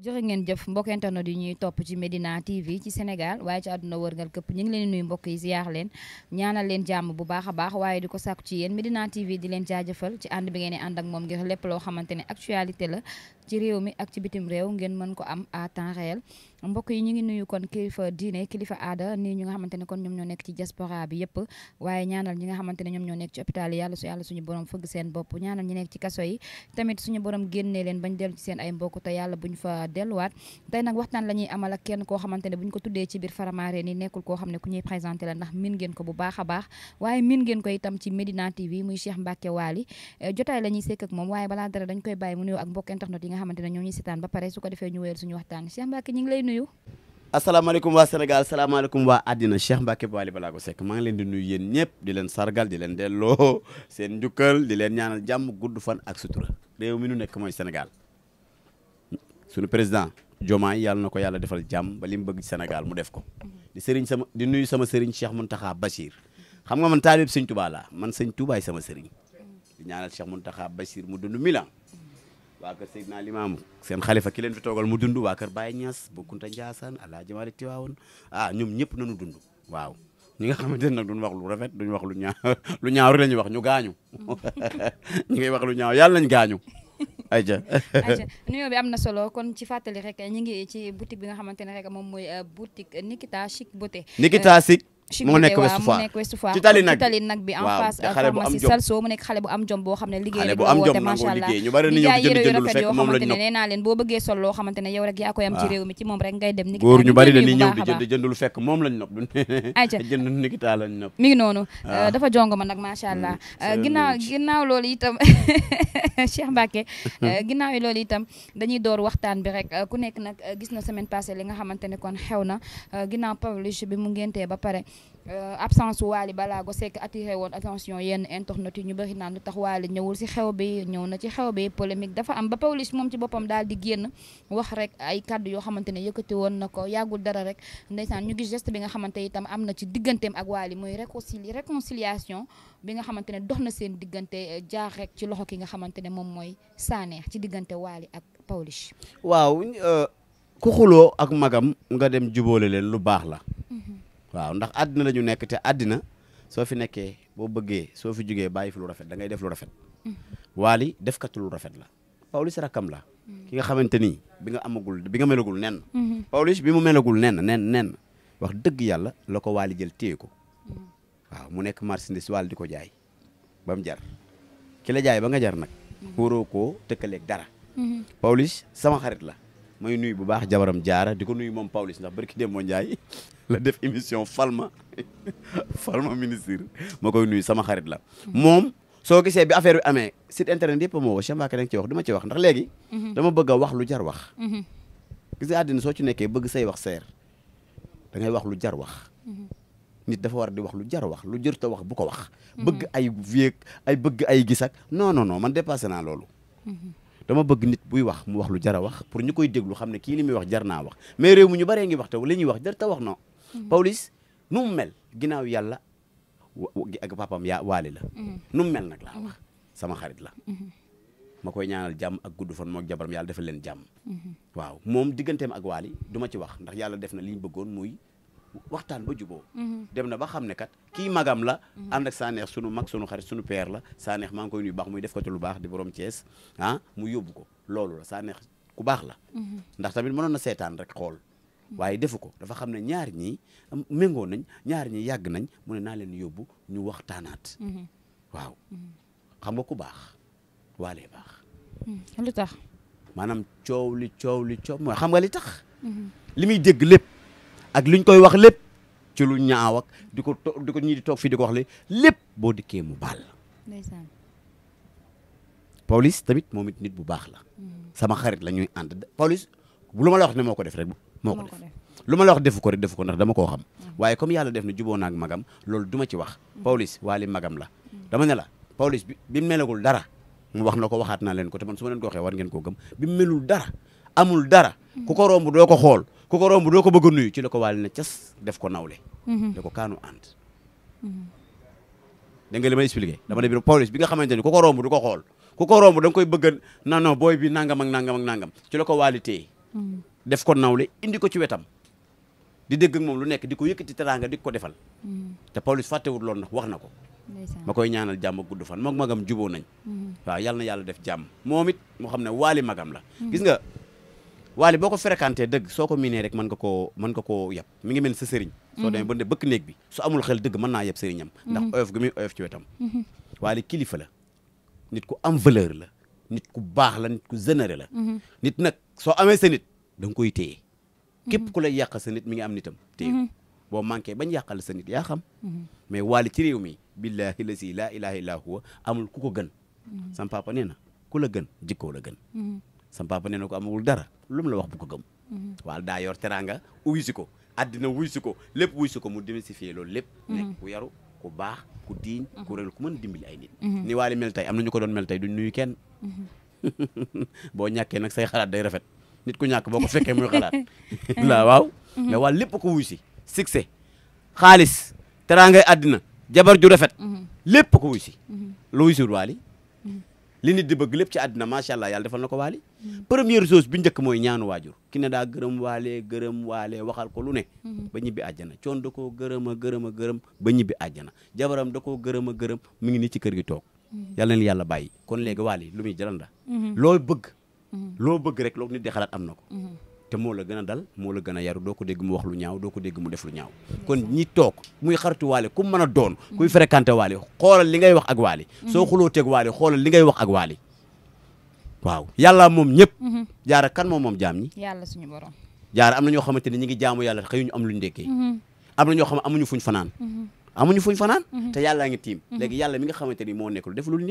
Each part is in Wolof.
jërë ngeen jëf mbokk internet yi ñuy topp ci Medina TV ci Sénégal waaye ci àdduna wërngal këpp ñu ngi leen nuyu mbokk yi ziar leen ñaanal leen jàmm bu baax a baax waaye di ko sàkku ci yéen Medina TV di leen jaajëfal ci ànd bi ngeen di ànd ak moom ngir lépp loo xamante ne actualité la ci réew mi ak ci bitim réew ngeen mën ko am à temps réel mbokk yi ñu ngi nuyu kon kilifa diine kilifa aada nii ñu nga xamante kon ñoom ñoo nekk ci diaspora bi yàlla suñu borom fëgg seen bopp ñaanal ñi nekk ci kaso tamit suñu borom génnee leen bañ dellu ci seen ay mbokk te yàlla buñ fa delluwaat tey nag waxtaan la ñuy amal kenn koo xamante ne buñ ko tuddee ci biir Faramareen nekkul koo xam ne ku ñuy présenté la ndax min ngeen ko bu baax a baax waaye min ngeen ko itam ci Medina TV muy Cheikh Mbacké Waly eh, jotaay la ñuy sekk ak moom waaye balaa nuyu. asalaamaaleykum waa senegal asalaamaaleykum waa àddina Cheikh Mbacke Wally Ballago Seck maa ngi leen di nuyu yéen ñëpp di leen sargal di leen delloo seen njukkal di leen ñaanal jàmm gudd fan ak sutura réew mi nu nekk mooy senegal sunu président Diomaye yàlla na ko yàlla defal jàmm ba li mu bëgg senegal mu def ko. di sëriñ sama di nuyu sama sëriñ Cheikh Mountakha Bachir xam nga man taalib sëñ Touba laa man sëñ Touba sama sëriñ di ñaanal Cheikh Mountakha Bachir mu dundu Milan. waa kër Seydina seen xalifa ki leen fi toogal mu dund waa kër Baye Niass Bokkunta Ndiassane Alaaji Malik Tiwaawoon ah ñoom ñëpp nañu dund waaw ñi nga xamante ne nag duñ wax lu rafet duñ wax lu ñaaw lu ñaaw rek la ñuy wax ñu gaañu ñi ngay wax lu ñaaw yàlla nañ gaañu ayca ayca nuyoo bi am na solo kon ci fàttali rek ñu ngi ci boutique bi nga xamante ne rek moom mooy euh, boutique Nikita Chic Beauté Nikita Chic moo nekk Ouest Foire ci tali nag bi en face xale bu am jom boo xam ne liggéey bu am jom macha allah boo bëggee sol xamante ne yow rek yaa koy ci réew mi ci moom rek ngay dem ni góor ñu bari noonu euh, dafa jongo ma nag macha allah hmm, euh, ginnaaw ginnaaw loolu itam Cheikh Mbacke euh, ginnaaw loolu itam dañuy door waxtaan bi rek ku nekk nag gis na semaine passée li nga xamante ne kon xew na ginnaaw bi mu ngentee ba pare Euh, absence balaa Ballago sekk attiré woon attention yenn internet yi ñu ba naan lu tax Wally ñëwul ci xew bi ñëw na ci xew bi polémique dafa am ba Pawlish moom ci boppam daal di génn wax rek ay kàdd yoo xamante ne yëkkati woon na ko yàggul dara rek ndeysaan ñu gis geste bi nga xamante itam am na ci digganteem ak Wally muy réconcili réconciliation bi nga xamante ne dox na seen diggante jaar rek ci loxo ki nga xamante ne moom mooy Sanex ci diggante Wally ak Pawlish waaw euh, ku xuloo ak magam nga dem jubóole leen lu baax la mhm. waaw ndax àddina la ñu nekk te àddina soo fi nekkee boo bëggee soo fi jugee bàyyi fi lu rafet da ngay def lu rafet. Mm-hmm. waali def kat lu rafet la. Pawlish rakkam la. Mm-hmm. ki nga xamante ni bi nga amagul bi nga melagul nen. Mm-hmm. Pawlish bi mu melagul nen nen nen wax dëgg yàlla la ko waali jël téye ko. waaw mu nekk marchandise waali di ko jaay ba mu jar ki la jaay ba nga jar nag. wóoroo ko tëkkaleeg dara. Pawlish sama xarit la. may nuy bu baax jabaram jaara di ko nuyu moom Pawlish ndax barki dem moo njaay la def émission Falma Falma ministre ma koy nuyu sama xarit la. moom soo gisee bi affaire bi amee site internet yëpp moo woo Cheikh Mbacké da nga ci wax du ma ci wax ndax léegi. Mhm. dama bëgg a lu jar wax. Mhm. gis soo ci nekkee bëgg say wax seer da lu jar wax. Mhm. nit dafa war di lu jar wax lu jër ta wax bu ko wax. bëgg ay vieux ay bëgg ay gis ak no non non man dépassé naa loolu. dama bëgg nit buy wax mu wax lu jar a wax pour ñu koy ne kii li muy wax jar naa wax mais réew ñu baree ngi wax te li ñuy wax jar ta wax non. Pawlish nu mu mel ginnaaw yàlla ak papaam yaa waali la. Mm-hmm. nu mel nag laa wax mm-hmm. sama xarit la. Mm-hmm. ma koy ñaanal jàmm ak gudd fan moog jabaram yàlla defal leen jàmm. waaw moom digganteem ak waali du ma ci wax ndax yàlla def na li ñu bëggoon muy waxtaan ba juboo dem na ba xam ne kat kii magam la. ànd ak Sanex sunu mag sunu xarit sunu père la Sanex maa ngi koy nuyu baax muy def ko ci lu baax di borom cees ah mu yóbbu ko loolu la Sanex ku baax la. ndax tamit mënoon na seetaan rek xool. waaye defu ko dafa xam ne ñaar nii méngoo nañ ñaar ñii yàgg nañ mu ne naa leen yóbbu ñu waxtaanaat. Mhm. waaw mhm. xam nga ku baax waalee baax. Mhm. lu maanaam coow li coow li coow mooy xam nga li tax. li muy dégg lépp ak liñ koy wax lépp ci lu ñaaw ak di ko to di ko ñii di toog fii di ko wax lépp boo di kee mu baax ndeysaan. Pawlish tamit moom it nit bu baax la. sama xarit la ñuy ànd Pawlish bu lu ma la wax ne moo ko def rek moo ko def lu ma la wax defu ko rek defu ko ndax dama koo xam mm. waaye comme yàlla def na juboo naag magam loolu duma ci wax mm. Pawlish waali magam la mm. dama ne la bi na ko waxaat naa leen ko te man su ma leen ko waxee bi melul dara amul dara ko romb doo ko xool ku ko romb ko bëgg na cas def da mm-hmm. ko kaanu ànd mm-hmm. dégg nga li may expliqué dama ne bi Pawlish bi nga xamante ni ku ko romb du ko xool ku ko romb da nga koy bëgg a non non booy bi nangam ak nangam ci la waali téye def ko nawle indi ko ci wetam di dëgg moom lu nekk di ko yëkkati teraanga di ko defal. Mm. te Pawlish fàttewut loolu nag wax na ko. ma koy ñaanal jàmm gudd fan moog magam juboo nañ. Mm. waaw yàlla na yàlla def jàmm moom it moo xam ne waali magam la. Mm. gis nga waali boo ko fréquenté dëgg soo ko miinee rek mën nga koo mën nga koo yab mi ngi mel sa sëriñ. soo mm-hmm. demee ba ne bëkk néeg bi soo amul xel dëgg mën naa yab sëriñam. Mm-hmm. ndax oyof gi muy oyof ci wetam. Mm-hmm. waali kilifa la nit ku am valeur la nit ku baax la la. da nga koy téye képp mhm. ku lay yàqal sa nit mi ngi am nitam téye mhm. boo manqué bañ yàqal sa nit yaa xam mhm. mais waali ci réew mi billahi la si laa ilaha illa amul ku ko gën sam papa nee na ku la gën jikkoo la gën sam papa nee ko amul dara lu la wax bu ko gëm waal daa yor teraanga uyu si ko addina wuy si ko lépp wuy si ko mu démystifier loolu lépp nekk ku yaru ku baax ku diiñ ku réel ku mën dimbali ay nit ni waali mel tey am na ñu ko doon mel tey duñ nuyu kenn boo ñàkkee nag say xalaat day rafet nit ku ñàkk boo ko fekkee muy xalaat la waaw mm-hmm. mais waa lépp ko wuy si succès xaalis teraangay àddina jabar ju rafet mm-hmm. lépp ko wuy si mm-hmm. lu wuy siwul waali li nit di bëgg lépp ci àddina macha allah yàlla defal na ko waali première chose bi njëkk mooy ñaanu waajur ki ne daa gërëm waalee gërëm waale waxal ko lu ne ba ñibbi àjjana coon da koo gërëm a gërëm a gërëm ba ñibbi àjjana jabaram da koo gërëm a gërëm mu ngi nii ci kër gi toog yàlla na yàlla bàyyi kon léegi waali lu muy jalanda loo bëgg loo bëgg rek loolu nit di xalaat am na ko te moo la gën a dal moo la gën a yaru doo ko dégg mu wax lu ñaaw doo ko dégg mu def lu ñaaw kon ñi toog muy xaritu waale ku mën a doon kuy fréquenté waale xoolal li ngay wax ak waale soo xuloo teg waale xoolal li ngay wax ak waale waaw yàlla moom ñëpp jaara kan moom moom jaam ñi yàlla suñu borom jaara am na ñoo xamante ne ñi ngi jaamu yàlla xëyuñu am luñ ndekkee am na ñoo xam am amuñu fuñ fanaan amuñu fuñ fanaan te yàllaa ngi tiim mhm. léegi yàlla mi nga xamante ni moo nekk lu def loolu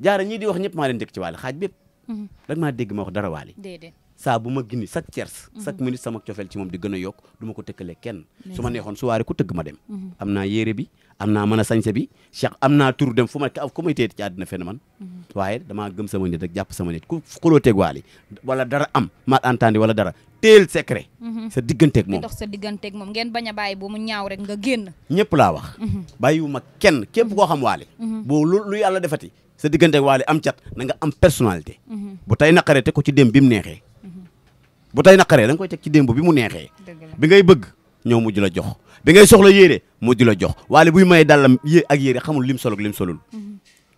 jaara ñii di wax ñëpp maa leen dégg ci waale xaaj bépp rek mhm. maa dégg ma wax dara waale saa bu ma gindi chaque tierce mhm. chaque minute sama cofeel ci moom di gën a yokk du ma ko tëkkale kenn su ma neexoon soirée ku tëgg ma dem mhm. am naa yére bi am naa mën a sañse bi cheikh am naa tur dem fu ma ka ko may téye ci àddina fenn man a kenn képp koo xam waale boo lu yàlla defati sa diggante ak am cat na nga am personnalité. bu tay naqaree te ko ci démb bi mu neexee. bu tay naqaree da nga koy teg ci démb bi mu neexee. bi ngay bëgg ñoo mujj la jox bi ngay soxla yére mujj la jox waale buy may dàllam yé ak yére xamul lim solo ak lim solul.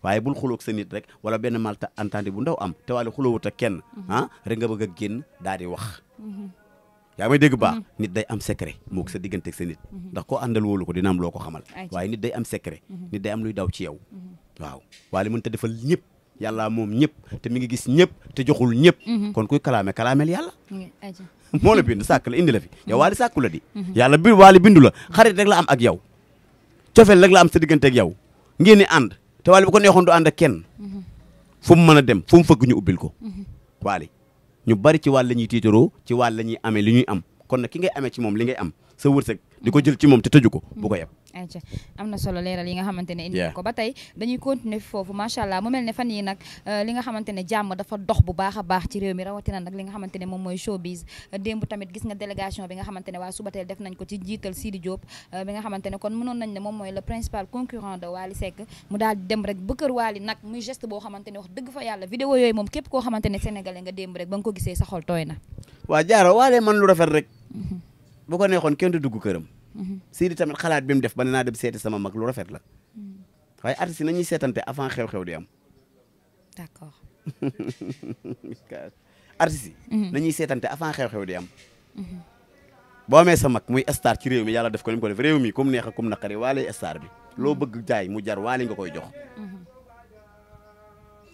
waaye bul xulóog sa nit rek wala benn malta entente bu ndaw am te waale xulóowut ak kenn mm-hmm. ah nga bëgg a génn daal di wax. yaa may dégg baax mm-hmm. nit day am secret moo ko sa digganteeg sa nit mm-hmm. ndax koo àndal wóolu ko dina am loo ko xamal waaye nit day am secret mm-hmm. nit day am luy daw ci yow waaw waale mën ta defal ñëpp yàlla moom ñëpp te mi bi waali bindu la xarit rek la am ak yow cofeel rek la am sa digganteeg yow ngeen ni ànd te waali bu ko mu a ubbil ko waali ñu bari ci wàll la ñuy tiitaroo ci wàll la ñuy amee li ñuy am kon nag ki ngay amee ci moom li ngay am sa wërsëg di ko jël ci moom te tëju ko bu ko yeb ayca am na solo leeral yi nga xamante indi ko ba tey dañuy continuer foofu macha allah mu mel ne fan yi nag euh, li nga xamante jàmm dafa dox bu baax a baax ci réew mi rawatina nag li nga xamante moom mooy showbiz démb tamit gis nga délégation bi nga xamante ne waa subateel def nañ ko ci jiital Sidi Diop euh, bi nga xamante ne kon mënoon nañ ne moom mooy le principal concurrent de Wally Seck mu daal dem rek ba kër boo ko neexoon kenn du dugg këram. Mhm. Sidi tamit xalaat bi mu def ba ne naa dem seeti sama mag lu rafet la. Mhm. waaye artiste na nañuy seetante avant xew-xew di am. d'accord. artiste yi. nañuy seetante avant xew-xew di am. Mhm. boo amee sa mag muy star ci réew mi yàlla def ko ni mu ko def réew mi kum neex ak kum naqari waale star bi loo bëgg jaay mu jar waale nga koy jox.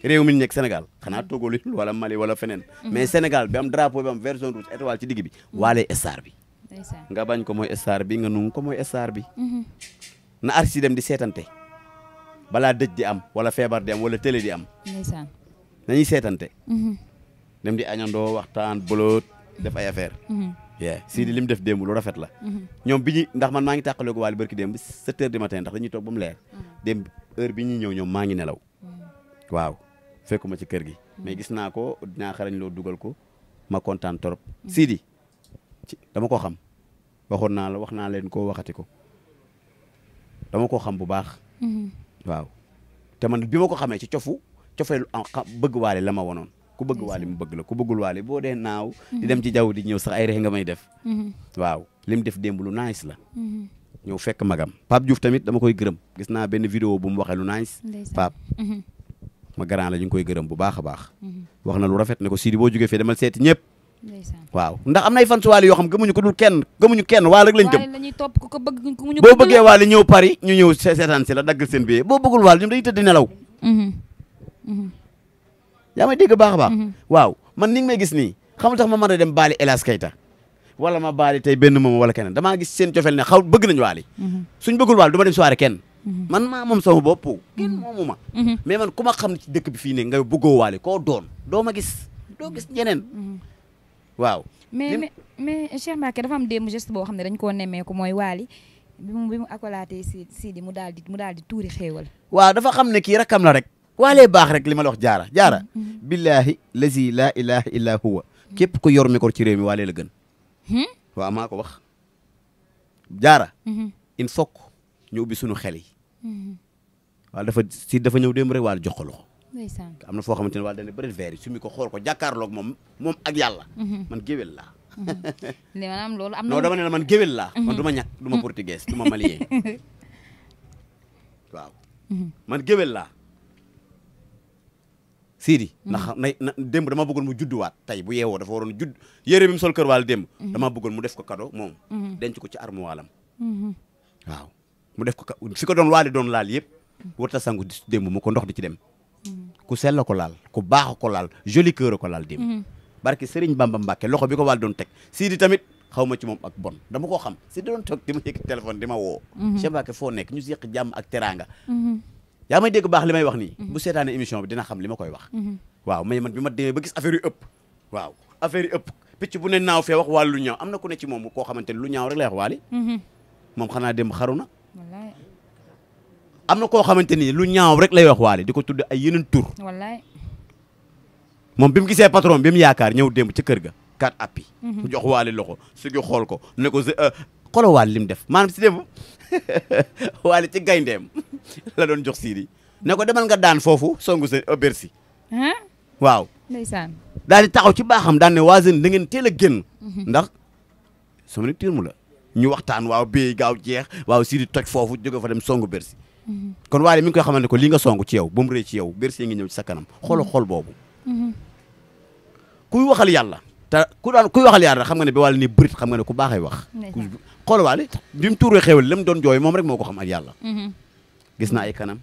réew mi nekk Sénégal xanaa Togo wala Mali wala feneen. mais senegal bi am drapeau bi am version rouge étoile ci digg bi waale star bi. nga bañ ko mooy star bi nga nungu ko mooy star bi mm-hmm. na artiste dem di seetante balaa dëj di am wala feebar di am wala télé di am nañuy seetante mm-hmm. dem di añandoo waxtaan boloot def ay affaire mm-hmm. yeah Sidi li mu def démb lu rafet la ñoom bi ñu ndax man maa ngi tàqalee ko waali barki démb sept heures du matin ndax dañuy toog mu leer dem mm. heure bi ñuy ñëw ñoom maa ngi nelaw mm. waaw fekkuma ci kër gi mm. mais gis naa ko dinaa xarañ loo dugal ko ma kontaan trop Sidi ci dama ko xam waxoon naa la wax naa leen ko waxati ko dama ko xam bu baax. Mm-hmm. waaw te man bi ma ko xamee ci cofu cofeelu bëgg waale la ma wonoon ku bëgg waale mu bëgg la ku bëggul waale boo dee naaw. di mm-hmm. dem ci jaww di ñëw sax ay reex nga may def. Mm-hmm. waaw lim def démb lu nice la. ñëw fekk magam Pape Diouf tamit dama koy gërëm gis naa benn vidéo bu mu waxee lu nice. Pape ma garant la ñu koy gërëm bu baax a baax. wax na lu rafet ne ko Sidi boo jógee fee demal seeti ñëpp. waaw ndax am na ay fans waali yoo xam gëmuñu ko dul kenn gëmuñu kenn waal rek lañ jëm boo bëggee waali ñëw Paris ñu ñëw seetaan si la daggal seen billet boo bëggul waal ñoom dañuy tëdd nelaw mm-hmm. Mm-hmm. yaa may dégg a baax mm-hmm. waaw man ni nga may gis nii xamul tax a dem baali Elas Keita wala ma baali tey benn moom wala seen cofeel ne xaw waali suñ bëggul waal du ma dem soirée kenn man maa moom sama bopp kenn moomu ma mais man ku ma dëkk bi fii ne nga bëggoo waali koo doon doo ma gis doo gis ñeneen waaw. mais mais mais Cheikh Mbacke dafa mu démb geste boo xam ne dañ koo nemmeeku mooy Waly bi mu bi mu akolaatee si Sidi mu daal di mu daal di tuuri xéewal. waaw dafa xam ne kii rakkam la rek. waalee baax rek li ma la wax jaara jaara. Mm-hmm. billahi lazi laa ilaha illa huwa. képp ku yor micro ci réew mi waalee la gën. Hmm? waaw maa ko wax. jaara. Mm-hmm. il faut ñu ubbi sunu xel yi. Mm-hmm. waaw dafa si dafa ñëw démb rek waal jox ko loxo ndeysaan am na foo xamante ne wala dana bëri verre yi su ko xool ko jàkkaarloog moom moom ak yàlla mhm. man géwél laa mhm. ne maanaam loolu am na non dama ne la man géwél laa mhm. man du ndax na na démb dama bëggoon mu judduwaat tey bu yeewoo dafa waroon judd yére bi mu sol kër waal démb dama bëggoon mu def ko cadeau moom denc ko ci armoiram waaw mu def ko fi ko doon waali doon laal yëpp warta sangu démb mu ko ndox di ci dem ku sell ko laal ku baax ko laal joli cœur ko laal dim mhm. barki Serigne Bamba Mbacke loxo bi ko wàll doon teg Sidi tamit xaw ma ci moom ak bon dama koo xam si doon toog di ma yëg téléphone di ma woo mhm. Cheikh Mbacke foo nekk ñu seq jàmm ak teraanga mhm. yaa may dégg baax li seetaane émission bi dina xam li koy wax waaw mais man bi ba gis affaire ëpp waaw affaire ëpp picc bu ne naaw fee wax wàllu ñaaw am na ku ne ci moom koo xamante lu ñaaw rek lay wax waali moom xanaa dem xaru am na koo xamante ni lu ñaaw rek lay wax waale di ko tudd ay yeneen tur. wallaay. moom bi mu gisee patron bi mu yaakaar ñëw démb ci kër ga. kat appi mhm. mu jox waale loxo su gi xool ko ne ko euh, xooloo waale li mu def maanaam si démb waale ci gayndem la doon jox siidi ne ko demal nga daan foofu songu sa euh, Bercy. waaw. ndeysaan. daal di taxaw ci baaxam daan ne waa Zénith da ngeen teel a génn. Mhm. ndax sama nit mu la. ñu waxtaan waaw béy gaaw jeex waaw siidi toj foofu jóge fa dem songu Bercy. Mm-hmm. kon waale mi ngi koy xamal ne ko lii nga song ci yow ba mu rëy ci yow berse ngi ñëw ci sa kanam xolo mm-hmm. xol boobu mm-hmm. kuy waxal yàlla te ku daan kuy waxal yàlla xam nga ne ba waale ni bërit xam nga ne ku baaxee wax xool waale bi mu tuuree xewal la mu doon jooy moom rek moo ko xam ak yàlla gis naa ay kanam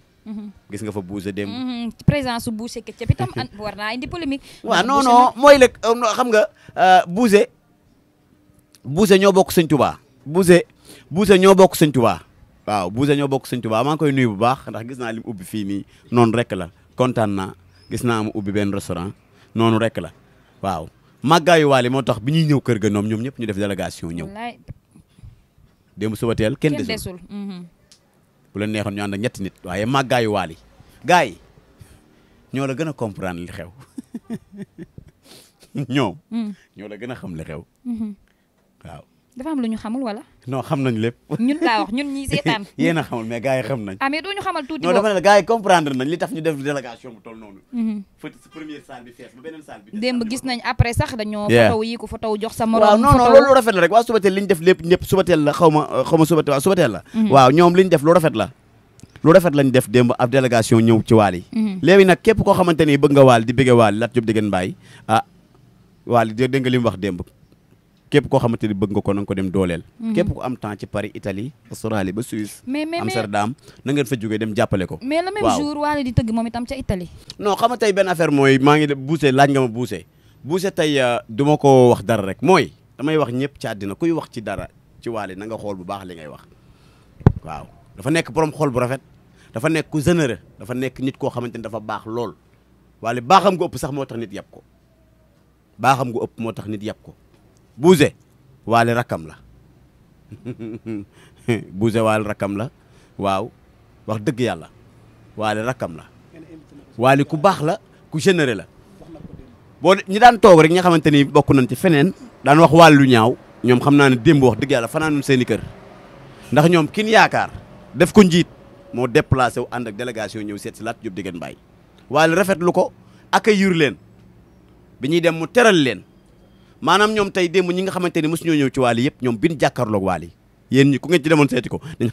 gis nga fa buuse dem présence buuse keccap itam war naa indi polémique waaw non non mooy lëg euh, xam nga buuse euh, buuse ñoo bokk sëñ tubaa buuse buuse ñoo bokk sëñ tubaa waaw Boucher ñoo bokk sëñ Tuubaa maa koy nuyu bu baax ndax gis naa li ubbi fii nii noonu rek la kontaan naa gis naa mu ubbi benn restaurant noonu rek la waaw màggaayu waale moo tax bi ñuy ñëw kër ga ñoom ñoom ñëpp ñu def délégation ñëw démb kenn desul mhm. bu la ñetti nit waaye màggaayu waali gars yi ñoo la gën a comprendre li xew ñoom mm. la gën a xam li xew mhm. dafa am lu ñu xamul wala. non xam nañ lépp. ñun laa wax ñun ñi seetaan. yéen a xamul mais gars yi xam nañ. ah mais doo ñu xamal tuuti. non dafa ne gars yi comprendre nañ li tax ñu def délégation bu toll noonu. Mhm. fa gis nañ après sax dañoo. fotow yi ko fotow jox sa morom. waaw non non loolu rafet la rek waa Subatel li ñu def lépp ñëpp Subatel la xaw ma euh, xaw ma Subatel waaw la. Mhm. waaw ñoom li ñu def lu rafet la. lu rafet lañ def démb ab délégation ñëw ci waal yi. Mhm. léegi nag képp koo xamante ni bëgg nga waal di bëgge waal Lat Diop Diguène Mbaye ah waal dégg li mu wax démb képp koo xamante ni bëgg nga ko na ko dem dooleel mhm. képp ku am temps ci Paris Italie Australie ba Suisse Amsterdam na ngeen fa dem jàppale ko mais le même jour di tëgg moom itam ca Italie non xam nga tey benn affaire mooy maa ngi buuse laaj nga ma buuse buuse tey euh, du ma ko wax dara rek mooy damay wax ñëpp ci àddina koy wax ci dara ci Wally na nga xool bu baax li ngay wax waaw dafa nekk borom xool bu rafet dafa nekk ku généreux dafa nekk nit koo xamante ni dafa baax lool Wally baaxam gu sax moo tax nit yàpp ko baaxam gu ëpp moo tax nit yàpp ko buuse waali rakkam la buuse waali rakkam la waaw wax dëgg yàlla waali rakkam la waali ku baax la ku généré la boo ñi daan toog rek ñi xamante ni bokk nañ ci feneen daan wax waali lu ñaaw ñoom xam naa ne démb wax dëgg yàlla fanaan seen i kër ndax ñoom kin yaakaar def ko njiit moo déplacé wu ànd ak délégation ñëw seet si Lat Diop Decguene Baye waali rafetlu ko ak accueillir leen bi ñuy dem mu teral leen maanaam ñoom tey démb ñi nga xamante ni mosuñoo ñëw ci waali yëpp ñoom bin jàkkaarloog waali yéen ñi ku ngeen ci demoon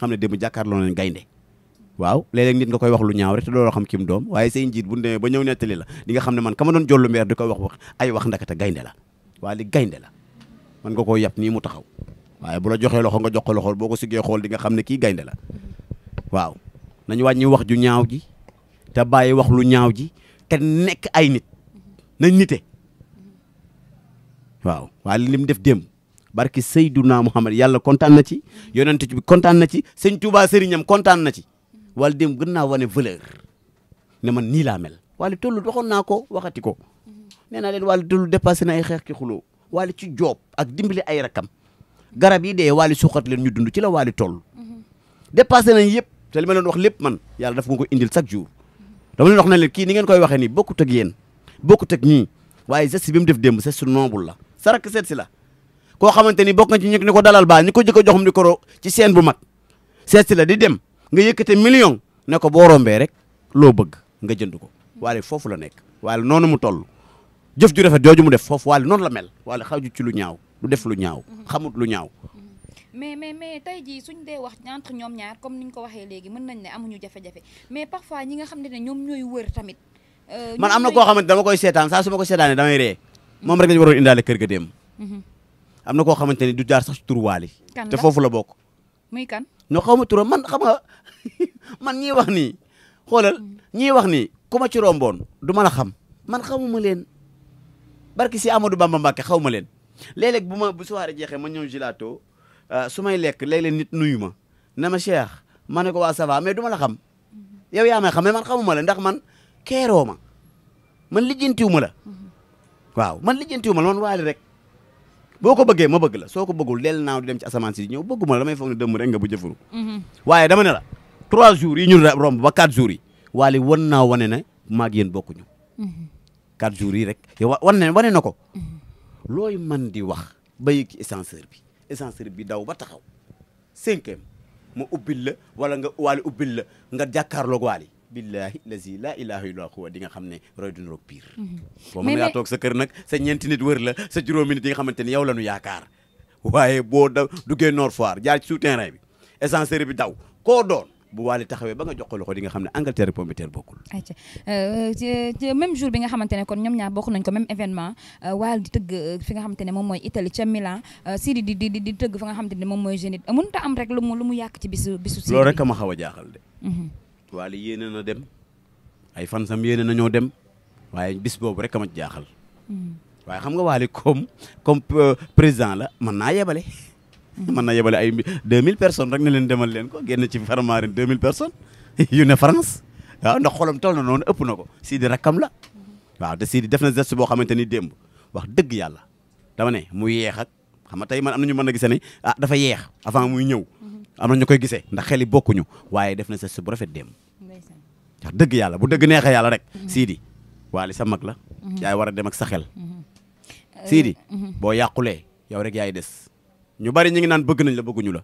ne démb jàkkaarloo nañ gaynde nit nga koy wax lu ñaaw rek te looloo xam kim doom waaye say njiit bu demee ba ñëw nettali la di xam ne man ka ma doon jollu mbeer di koy wax wax ay wax ndakate gaynde la waali gaynde la man nga koo yàpp nii mu taxaw waaye bu la joxee loxo nga jox ko loxo boo ko siggee xool di nga xam ne kii gaynde la waaw nañu wàññi wax ju ñaaw ji te bàyyi wax lu ñaaw ji te nekk ay nit nañ nite waaw waaye li mu def démb barki mu Muhammad yàlla kontaan na ci yonent bi kontaan na ci sëñ Touba sëriñam kontaan na ci wala démb gën naa wane valeur ne man nii laa mel wala tollu waxoon naa ko waxati ko nee na leen wala tollu dépassé na ay xeex ki xuloo wala ci joob ak dimbali ay rakam garab yi dee wala suqat leen ñu dund ci la wala toll nañ yëpp te ma leen wax lépp man yàlla daf nga ko indil chaque jour dama leen wax na leen kii ni ngeen koy waxee nii bokkut ak yéen bokkut ak ñii waaye geste bi mu def démb c'est su noble la sa rakk seet si la koo xamante ni bokk nga ci ñi ni ko dalal baa ñi ko jëkk a jox ci seen bu mag seet si la di dem nga yëkkate million ne ko boo rombee rek loo bëgg nga jënd ko waale foofu la nekk waale noonu mu toll jëf ju rafet jooju mu def foofu waale noonu la mel waale xaju ci lu ñaaw du def lu ñaaw mm-hmm. xamut lu ñaaw mm-hmm. mais mais mais tey jii suñ dee wax entre ñoom ñaar comme ni ñu ko waxee léegi mën nañ ne amuñu jafe-jafe mais faa ñi nga xam ne ne ñoom ñooy wër tamit euh, man am na koo xamante dama koy seetaan saa su ko seetaanee damay moom rek lañu waroon indaale kër ga dem. Mhm. am na koo xamante ni du jaar sax ci turu waali te foofu la bokk. muy kan xaw ma turam man xam nga man ñii wax nii xoolal mhm. ñii wax nii ku ma ci du ma la xam man xamuma leen barki si Amadou Bamba Mbacke xaw ma leen léeg bu ma bu soirée jeexee ma ñëw Gilato euh, su may lekk léeg-léeg nit nuyu ma na ma Cheikh ma ne ko waa ça va mais du la xam mhm. yow yaa may xam mais man xamuma la ndax man keeroo ma man lijjantiwu ma la. waaw man lijjantiwuma la man waali rek boo ko bëggee ma bëgg la soo ko bëggul del naaw di dem ci asamaan si ñëw bëgguma la damay foog ne dëmm rek nga bu jëfuru mhm. waaye dama ne trois jours yi ñun romb ba quatre jours yi waali wan naa wane ne maag yéen bokkuñu mhm. quatre jours yi rek yow wan ne wane na ko mhm. looy man di wax ba yëg ci ascenseur bi ascenseur bi daw ba taxaw cinquième ma ubbil la wala nga waali ubbil la nga jàkkaarloog waali billahi lazi laa ilaha illa huwa di nga xam ne roy duñu roog pire mhm. boo mën ngaa toog sa nag sa ñeenti nit wër la sa juróomi nit yi xamante ni yow la ñu yaakaar waaye boo da duggee Nord Foire jaar ci bi ascenseur bi daw ko doon bu waale taxawee ba nga jox ko loxo di nga xam ne Angleterre pomme de terre bokkul. ayca euh, euh, même jour bi nga xamante ne kon ñoom ñaar bokk nañ ko même événement euh, waal di tëgg fi nga xamante ne moom mooy Italie ca Milan Sidi di di di tëgg fi nga mooy a mu lu mu yàq ma xaw a Wally yéene na dem ay fansam yéene na ñoo dem waaye bis boobu rek a ma jaaxal. Hmm. waaye xam nga Wally comme comme euh, président la mën naa yebale. Hmm. mën naa yebale ay mille personnes rek ne leen demal leen ko génn ci Farmarène 2000 personnes yu ne France waaw ndax xolam toll na noonu ëpp na ko siidi rek kam la. waaw te Sidi def na geste boo xamante ni démb wax dëgg yàlla dama ne mu yeex ak xam nga tey man am na ñu mën a gisee ne ah dafa yeex avant muy ñëw. Hmm. am na ñu koy gisee ndax xel yi bokkuñu waaye def na sa si rafet dem ndax dëgg yàlla bu dëgg neexee yàlla rek mm-hmm. siidi waali sa mag la mm-hmm. yaay war a dem ak sa xel mm-hmm. uh, Sidi boo yàqulee yow rek yaay des ñu bari ñu ngi naan bëgg nañ la bëgguñu la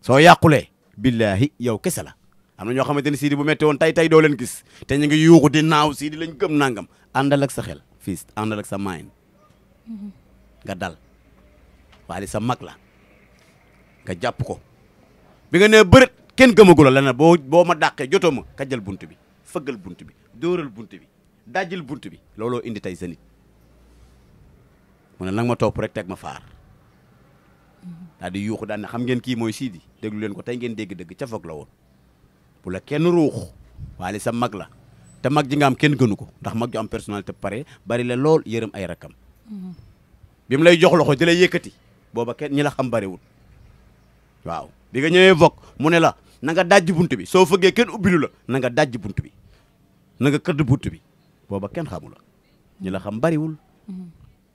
soo yàqulee billaahi yow kese la am na ñoo xamante ni Sidi bu metti woon tay tay doo leen gis te ñu ngi yuuxu di naaw Sidi lañ gëm nangam àndal ak sa xel fii àndal ak sa maayin nga dal waali sa mag la nga jàpp ko bi nga nee bërët kenn gëmagula la ne boo boo ma dàqee jotoo ma kajal bunt bi fëggal bunt bi dóoral bunt bi dajjal bunt bi looloo indi tey Zénith mu ne nag ma topp rek teg ma faar daal di yuuxu daan xam ngeen kii mooy Sidi déglu leen ko tey ngeen dégg dëgg ca foog la woon bu la kenn ruux waale sa mag la te mag ji nga am kenn gënu ko ndax mag ju am personnalité pare bari la lool yërëm ay rakkam mm-hmm. bi mu lay jox loxo di lay yëkkati booba kenn ñi la xam bariwul waaw bi nga ñëwee vok mu ne la na nga dajj bunt bi soo fëggee kenn ubbilu la na nga bunt bi na nga këdd bunt bi booba kenn xamu la ñi la xam bariwul mm-hmm.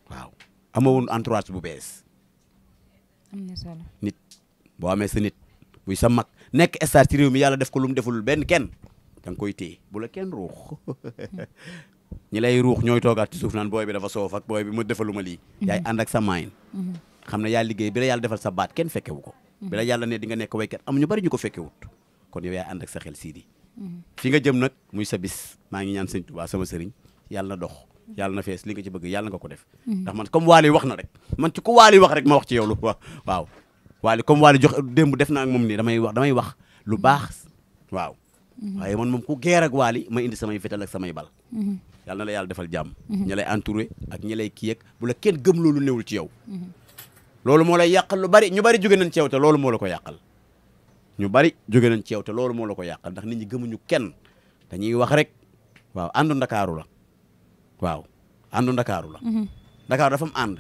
waaw amawoon entourage bu bees am na nit boo amee sa nit buy sa mag nekk star ci réew mi yàlla def ko lu mu deful benn kenn da koy téye bu la kenn ruux ñi lay ruux ñooy toogaat ci suuf naan booy bi dafa soof ak booy bi mu defaluma lii mm-hmm. yaay ànd ak sa maayin mm-hmm. xam ne yaa liggéey bi la yàlla defal sa baat kenn fekkewu ko bi la yàlla ne di nga nekk waykat am ñu bari ñu ko fekke wut kon yow yaay ànd ak sa xel siidi mhm. nga jëm nag muy sa maa ngi ñaan sëñ Tuubaa sama sariñ yàlla na dox yàlla na fees li nga ci bëgg yàlla nga ko def mhm. ndax man comme Waly wax na rek man ci ko Waly wax rek ma wax ci yow lu waaw Waly comme Waly jox démb def naa ak moom nii damay wax damay wax lu baax waaw mhm. waaye man moom ku geer ak Waly ma indi samay fetal ak samay bal yàlla la yàlla defal jàmm ñi lay entouré ak ñi lay kii ak bu la kenn gëm loolu newul ci yow loolu moo lay yàqal lu bari ñu bari jóge nañ ci yow te loolu moo la ko yàqal ñu bari jóge nañ ci te loolu moo la ko yàqal ndax nit ñi gëmuñu kenn dañuy wax rek waaw àndu ndakaaru la waaw àndu ndakaaru la mhm. ndakaaru dafa am ànd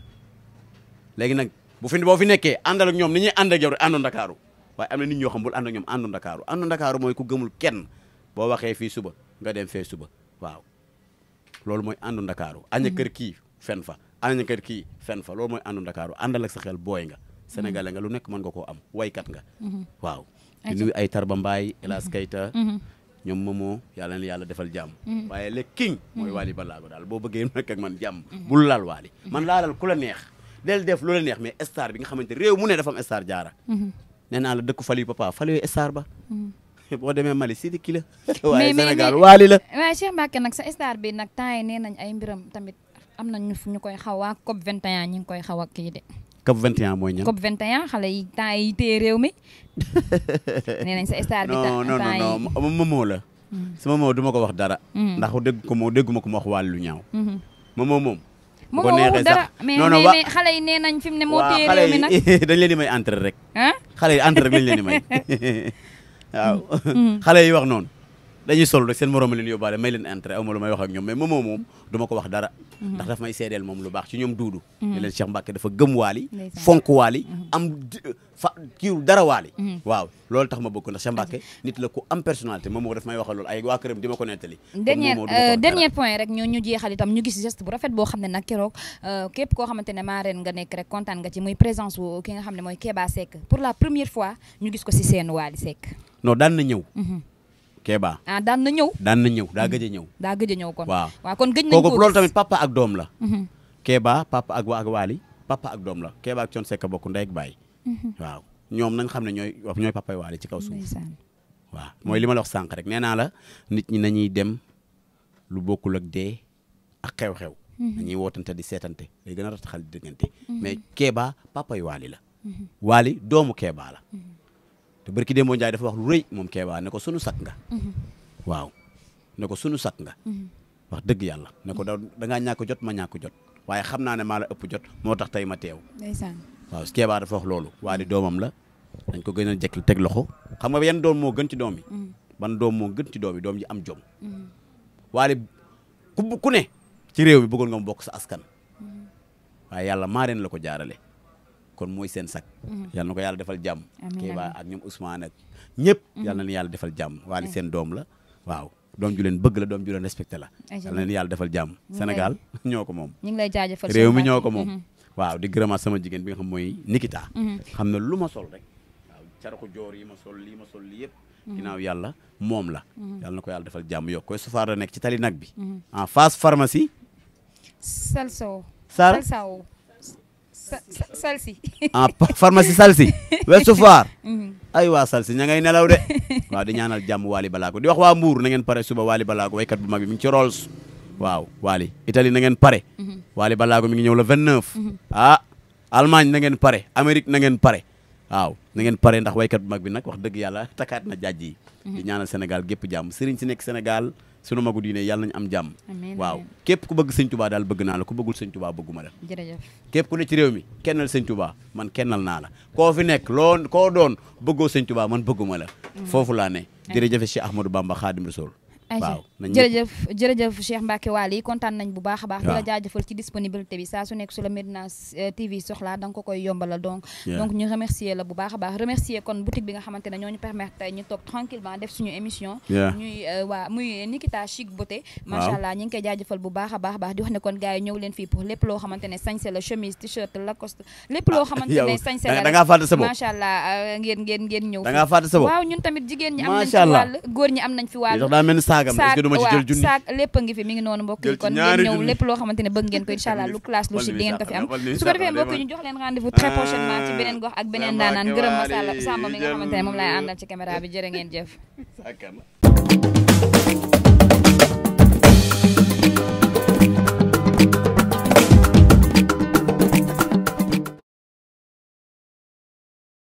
léegi nag bu fi boo fi nekkee àndal ak ñoom ni ñuy ànd ak yow ndakaaru waaye am na nit ñoo xam bul ñoom àndu ndakaaru àndu ndakaaru mooy ku gëmul kenn boo waxee fii suba nga dem fee suba waaw loolu mooy àndu ndakaaru aña mhm. kër kii fen fa ana ñu kat kii fenn fa loolu mooy a Ndakaaru àndal a sa xel booy nga sénégalais nga lu nekk mën nga koo am waykat nga mm-hmm. waaw di nuyu ay Tarba Mbaye Elas mm-hmm. Kayta mm-hmm. ñoom moomoo yàlla na yàlla defal jàmm waaye le king mooy Wally Ballago daal boo bëggee nekk ak man jàmm bul laal Wally man laalal ku la neex del def lu la neex mais star bi nga xamante réew mu ne dafa am star jaara nee naa la dëkku fali papa fali star ba boo demee Mali Sidiki la waaye Sénégal Wally la am na ñu ñu koy xaw a COP 21 ñu ngi koy xaw a kii de. COP 21 mooy ñan. COP 21 xale yi temps yi téye réew mi nee nañ sa stade bi. non non non moomoo la. Mm. moom ma ko wax dara. Mm. ndax dégg ko moo dégguma ko ma wax wàllu ñaaw. moomoo mm-hmm. moom. bu ko xale yi nee nañ fi mu ne moo téye réew mi nag dañ leen di may entrée rek. xale yi entrée rek lañ leen di may waaw mm. xale yi wax noonu. dañuy sol rek seen morom leen yóbbaale may leen intérêt awma lu may wax ñoom mais moom moom du ko wax dara mhm. ndax daf may seedeel moom lu baax ci ñoom duudu mhm. ne leen Cheikh Mbacke dafa gëm waali fonk waali mhm. am euh, fa dara waali waaw loolu tax ma bëgg ndax Cheikh Mbacke nit la ku am moom daf may waxal loolu ay waa këram ko nettali dernier euh, dernier point rek ñu ñu jeexal itam ñu gis geste bu rafet boo xam ne nag keroog euh, képp koo xamante ne maa reen nga nekk rek kontaan nga ci muy présence wu ki nga xam ne mooy Kéba Seck pour la première fois ñu gis ko si seen waali Seck non daan na ñëw Kéba ah daan na ñëw daan na ñëw daa gëj a ñëw mm-hmm. daa gëj a ñëw kon waaw waaw kon gëj nañ kooku tamit papa ak doom la mm-hmm. Kéba papa ak ak waali papa ak doom la Kéba ak Thione Seck bokk ndey ak baay mm-hmm. waaw ñoom nañ xam ne ñooy ñooy papay waali ci kaw suuf waaw mooy li ma la wax sànq rek nee naa la nit ñi na nañuy dem lu bokkul ak dee ak xew-xew dañuy wootante di seetante day gën a rataxal di diggante mais Kéba papay waali la waali doomu Kéba la te barki Demba Ndiaye dafa wax lu moom Kéba ne ko sunu sakk nga. waaw ne ko sunu sakk nga. wax dëgg yàlla ne ko da ngaa ñàkk jot ma ñàkk jot waaye xam naa ne maa la ëpp jot moo tax tey ma teew. ndeysaan waaw Kéba dafa wax loolu. waa doomam la dañ ko gën a jekk teg loxo. xam nga yan doom moo gën ci doom yi. Mm. ban doom moo gën ci doom yi doom ji am jom. Mm. waaye ku ku ne ci réew mi bëggoon nga mu bokk sa askan. Mm. waaye yàlla maa reen la ko jaarale. kon mooy seen sakk. Mhm. yal na ko yàlla defal jàmm. Kéba ak ñoom Ousmane ak ñëpp. yal na leen mhm. yàlla defal jàmm. waali seen doom la waaw. doom ju leen bëgg la doom ju leen la. yal na leen yàlla defal jàmm. Sénégal ñoo ko moom. ñu ngi lay jaajëfal réew mi ñoo ko moom. Mhm. waaw di gërëmaat sama jigéen bi nga xam mooy Nikita. xam na lu ma sol rek. waaw caraxu joor yi ma sol lii ma sol lii yëpp. ginnaaw yàlla moom la. yàlla na ko yàlla defal jàmm yokk koy sufaar la nekk ci tali nag bi. en face salsi ah pharmacie salsi Ouest Foire ay waa salsi ña ngay nelaw de waaw di ñaanal jàmm Waly Balago di wax waa Mbour na ngeen pare suba Waly Balago waykat bu mag bi mi ngi ci Rolls waaw Waly Italie na ngeen pare mhm. Waly Balago mi ngi la le 29 mhm. ah Allemagne na ngeen pare Amérique na ngeen pare waaw na ngeen pare ndax waykat bu mag bi nag wax dëgg yàlla takkaat na jaaj yi mhm. di ñaanal Sénégal gépp jàmm sëriñ si nekk Sénégal sunu magu diine yàlla nañu am jàmm waaw képp ku bëgg sëñ daal bëgg naa la ku bëggul sëñ tubaa bëgguma la jërëjëf képp ku ne ci réew mi kennal sëñ tubaa man kennal naa la koo fi nekk loo koo doon bëggoo sëñ tubaa man bëgguma la mm. foofu laa ne jërëjëf Cheikh Ahmadou Bamba Khadim Rasoul waaw jërëjëf jërëjëf Cheikh Mbacke yi kontaan nañ bu baax a baax di la jaajëfal ci disponibilité bi saa su nekk su la Médina euh, TV soxlaa da ko koy yombalal donc ñu remercier la bu baax a baax remercier kon boutique bi nga xamante ne ñoo ñu permettre tey ñu toog tranquillement def suñu émission ñuy euh, muy Nikita Chic Beauté macha allah ñu ngi koy bu baax a baax baax di wax ne kon gars yi ñëw leen fii pour lépp loo xamante ne sañse la chemise t-shirt Lacoste lépp loo ah, xamante ne sañse la euh, da ngaa fàtte ñi am nañ fi wàll saagam lépp ngi fi mi noonu mbokk kon ngeen ñëw lépp loo xamante bëgg ngeen ko incha allah lu classe lu ci di ko fi am su ko defee mbokk ñu jox leen rendez-vous très prochainement ak beneen daanaan gërëm ma sàlla sàmba nga xamante moom laay àndal ci caméra bi jërë ngeen jëf